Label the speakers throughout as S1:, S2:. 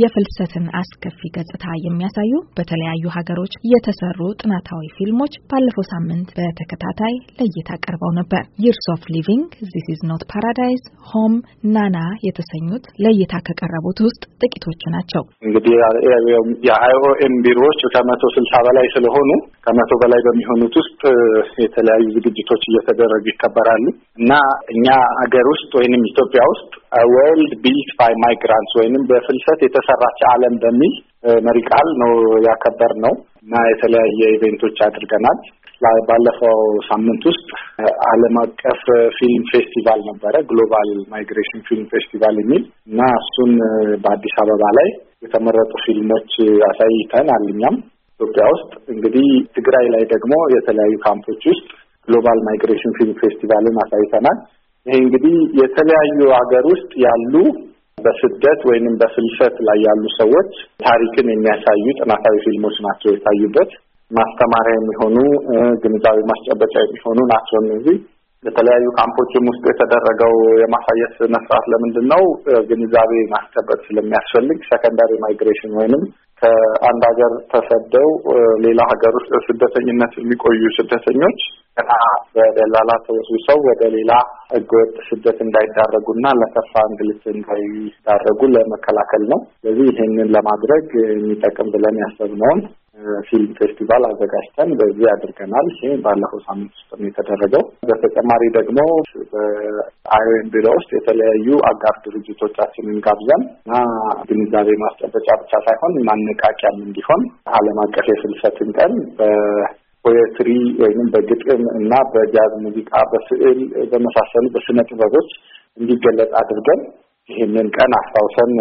S1: የፍልሰትን አስከፊ ገጽታ የሚያሳዩ በተለያዩ ሀገሮች የተሰሩ ጥናታዊ ፊልሞች ባለፈው ሳምንት በተከታታይ ለእይታ ቀርበው ነበር። ይርስ ኦፍ ሊቪንግ፣ ዚስ ኢዝ ኖት ፓራዳይዝ፣ ሆም፣ ናና የተሰኙት ለእይታ ከቀረቡት ውስጥ ጥቂቶቹ ናቸው።
S2: እንግዲህ የአይኦኤም ቢሮዎች ከመቶ ስልሳ በላይ ስለሆኑ ከመቶ በላይ በሚሆኑት ውስጥ የተለያዩ ዝግጅቶች እየተደረጉ ይከበራሉ እና እኛ ሀገር ውስጥ ወይንም ኢትዮጵያ ውስጥ ወርልድ ቢት ባይ ማይግራንትስ ወይንም በፍልሰት የተሰራች ዓለም በሚል መሪ ቃል ነው ያከበር ነው እና የተለያየ ኢቬንቶች አድርገናል። ባለፈው ሳምንት ውስጥ ዓለም አቀፍ ፊልም ፌስቲቫል ነበረ፣ ግሎባል ማይግሬሽን ፊልም ፌስቲቫል የሚል እና እሱን በአዲስ አበባ ላይ የተመረጡ ፊልሞች አሳይተን አልኛም ኢትዮጵያ ውስጥ እንግዲህ ትግራይ ላይ ደግሞ የተለያዩ ካምፖች ውስጥ ግሎባል ማይግሬሽን ፊልም ፌስቲቫልን አሳይተናል። ይሄ እንግዲህ የተለያዩ ሀገር ውስጥ ያሉ በስደት ወይንም በፍልሰት ላይ ያሉ ሰዎች ታሪክን የሚያሳዩ ጥናታዊ ፊልሞች ናቸው የታዩበት። ማስተማሪያ የሚሆኑ ግንዛቤ ማስጨበጫ የሚሆኑ ናቸው እነዚህ። በተለያዩ ካምፖችም ውስጥ የተደረገው የማሳየት ስነስርዓት ለምንድን ነው? ግንዛቤ ማስጨበጥ ስለሚያስፈልግ ሰከንዳሪ ማይግሬሽን ወይንም ከአንድ ሀገር ተሰደው ሌላ ሀገር ውስጥ ስደተኝነት የሚቆዩ ስደተኞች እና በደላላ ተወስብሰው ወደ ሌላ ህገወጥ ስደት እንዳይዳረጉና ለከፋ እንግልት እንዳይዳረጉ ለመከላከል ነው። ስለዚህ ይህንን ለማድረግ የሚጠቅም ብለን ያሰብነውን ፊልም ፌስቲቫል አዘጋጅተን በዚህ አድርገናል። ይሄ ባለፈው ሳምንት ውስጥ ነው የተደረገው። በተጨማሪ ደግሞ በአይኦኤም ቢሮ ውስጥ የተለያዩ አጋር ድርጅቶቻችንን ጋብዘን እና ግንዛቤ ማስጨበጫ ብቻ ሳይሆን ማነቃቂያም እንዲሆን ዓለም አቀፍ የፍልሰትን ቀን ፖኤትሪ ወይም በግጥም እና በጃዝ ሙዚቃ፣ በስዕል በመሳሰሉ በስነ ጥበቦች እንዲገለጽ አድርገን ይህንን ቀን አስታውሰን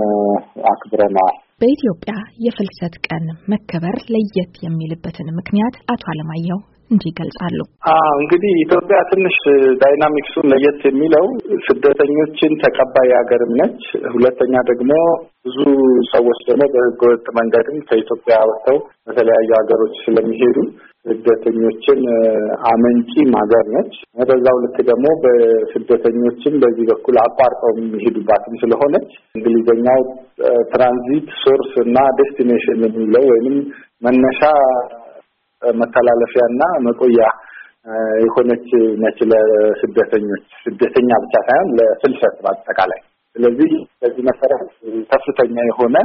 S2: አክብረናል።
S1: በኢትዮጵያ የፍልሰት ቀን መከበር ለየት የሚልበትን ምክንያት አቶ አለማየሁ እንዲህ ይገልጻሉ።
S2: እንግዲህ ኢትዮጵያ ትንሽ ዳይናሚክሱን ለየት የሚለው ስደተኞችን ተቀባይ ሀገርም ነች። ሁለተኛ ደግሞ ብዙ ሰዎች ደግሞ በህገወጥ መንገድም ከኢትዮጵያ ወጥተው በተለያዩ ሀገሮች ስለሚሄዱ ስደተኞችን አመንጪ ሀገር ነች። በዛው ልክ ደግሞ በስደተኞችን በዚህ በኩል አቋርጠው የሚሄዱባትም ስለሆነች እንግሊዝኛው ትራንዚት ሶርስ እና ዴስቲኔሽን የሚለው ወይም መነሻ መተላለፊያ እና መቆያ የሆነች ነች ለስደተኞች ስደተኛ ብቻ ሳይሆን ለፍልሰት በአጠቃላይ ስለዚህ በዚህ መሰረት ከፍተኛ የሆነ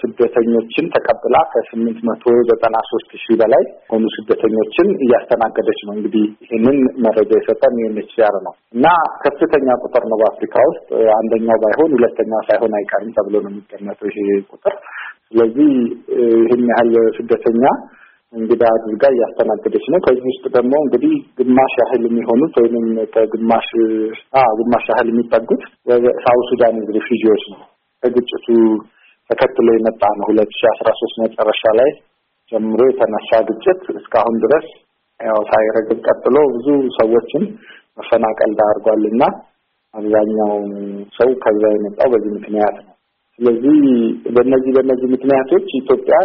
S2: ስደተኞችን ተቀብላ ከስምንት መቶ ዘጠና ሶስት ሺህ በላይ ሆኑ ስደተኞችን እያስተናገደች ነው። እንግዲህ ይህንን መረጃ የሰጠን ዩኤንኤችሲአር ነው እና ከፍተኛ ቁጥር ነው በአፍሪካ ውስጥ አንደኛው ባይሆን ሁለተኛው ሳይሆን አይቀርም ተብሎ ነው የሚገመተው ይሄ ቁጥር። ስለዚህ ይህን ያህል ስደተኛ እንግዳ አድርጋ እያስተናገደች ነው። ከዚህ ውስጥ ደግሞ እንግዲህ ግማሽ ያህል የሚሆኑት ወይም ከግማሽ ግማሽ ያህል የሚጠጉት ሳውዝ ሱዳን ሪፊጂዎች ነው። ከግጭቱ ተከትሎ የመጣ ነው። ሁለት ሺ አስራ ሶስት መጨረሻ ላይ ጀምሮ የተነሳ ግጭት እስካሁን ድረስ ያው ሳይረግብ ቀጥሎ ብዙ ሰዎችን መፈናቀል ዳርጓል እና አብዛኛው ሰው ከዛ የመጣው በዚህ ምክንያት ነው። ስለዚህ በነዚህ በነዚህ ምክንያቶች ኢትዮጵያ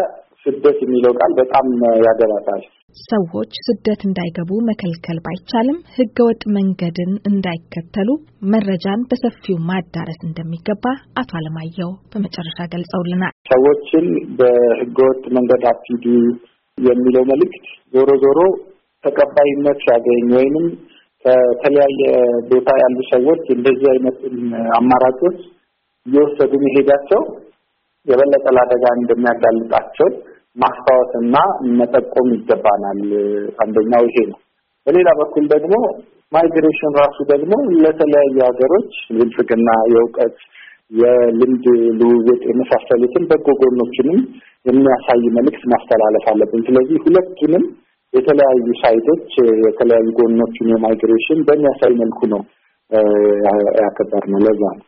S2: ስደት የሚለው ቃል በጣም ያገባታል።
S1: ሰዎች ስደት እንዳይገቡ መከልከል ባይቻልም ህገወጥ መንገድን እንዳይከተሉ መረጃን በሰፊው ማዳረስ እንደሚገባ አቶ አለማየሁ በመጨረሻ ገልጸውልናል።
S2: ሰዎችን በህገወጥ መንገድ አትሂዱ የሚለው መልእክት ዞሮ ዞሮ ተቀባይነት ሲያገኝ ወይንም ከተለያየ ቦታ ያሉ ሰዎች እንደዚህ አይነት አማራጮች እየወሰዱ መሄዳቸው የበለጠ ለአደጋ እንደሚያጋልጣቸው ማስታወስና መጠቆም ይገባናል። አንደኛው ይሄ ነው። በሌላ በኩል ደግሞ ማይግሬሽን ራሱ ደግሞ ለተለያዩ ሀገሮች ብልጽግና፣ የእውቀት፣ የልምድ ልውውጥ የመሳሰሉትን በጎ ጎኖችንም የሚያሳይ መልእክት ማስተላለፍ አለብን። ስለዚህ ሁለቱንም የተለያዩ ሳይቶች የተለያዩ ጎኖችን የማይግሬሽን በሚያሳይ መልኩ ነው ያከበር ነው። ለዛ ነው